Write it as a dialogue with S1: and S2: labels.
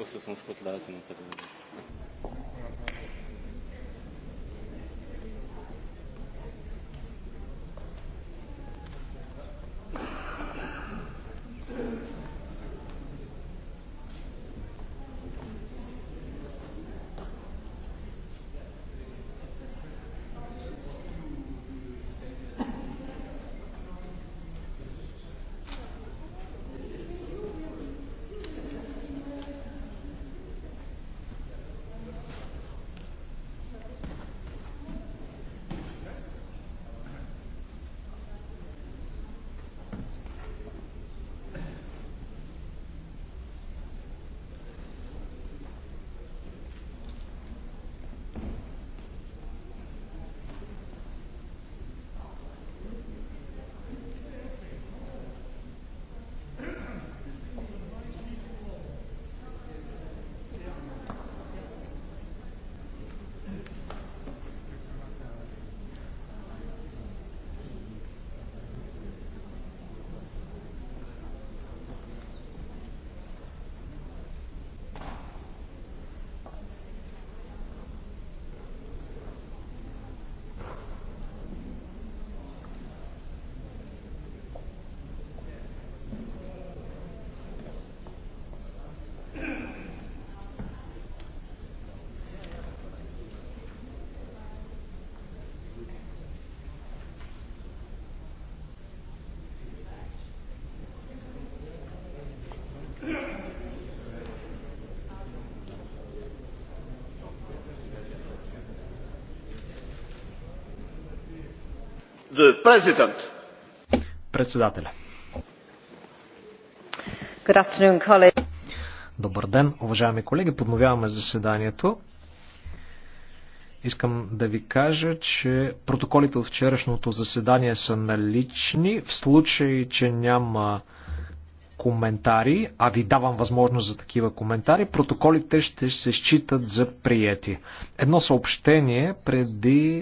S1: o să sunt
S2: The President.
S3: Председателя. Добър ден, уважаеми колеги. Подновяваме заседанието. Искам да ви кажа, че протоколите от вчерашното заседание са налични. В случай, че няма коментари, а ви давам възможност за такива коментари, протоколите ще се считат за прияти. Едно съобщение преди